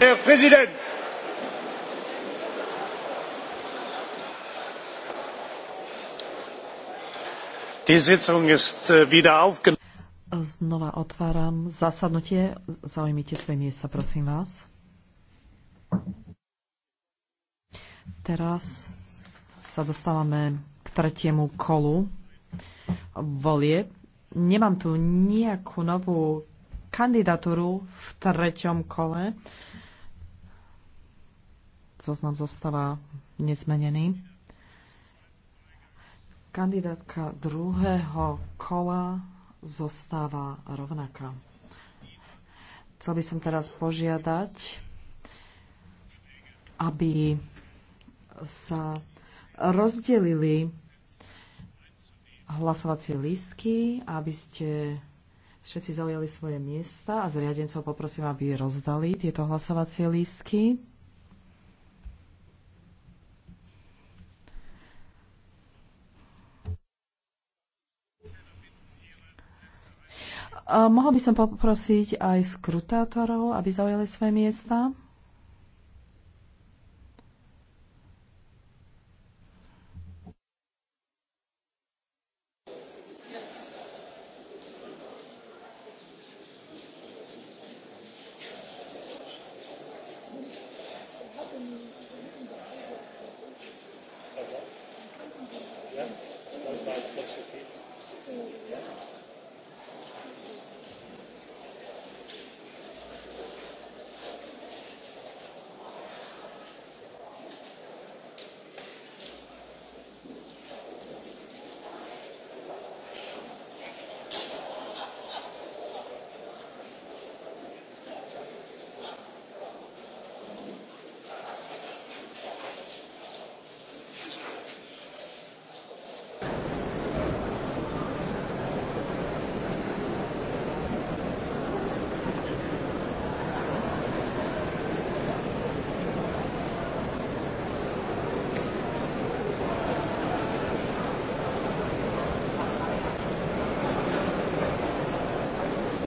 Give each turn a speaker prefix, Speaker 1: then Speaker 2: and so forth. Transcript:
Speaker 1: Herr Präsident! Die Sitzung ist äh, wieder aufgenommen. Teraz sa dostávame k tretiemu kolu volie. Nemám tu nejakú novú kandidatúru v treťom kole zoznam zostáva nezmenený. Kandidátka druhého kola zostáva rovnaká. Chcel by som teraz požiadať, aby sa rozdelili hlasovacie lístky, aby ste všetci zaujali svoje miesta a zriadencov poprosím, aby rozdali tieto hlasovacie lístky. Mohol by som poprosiť aj skrutátorov, aby zaujali svoje miesta? Yeah.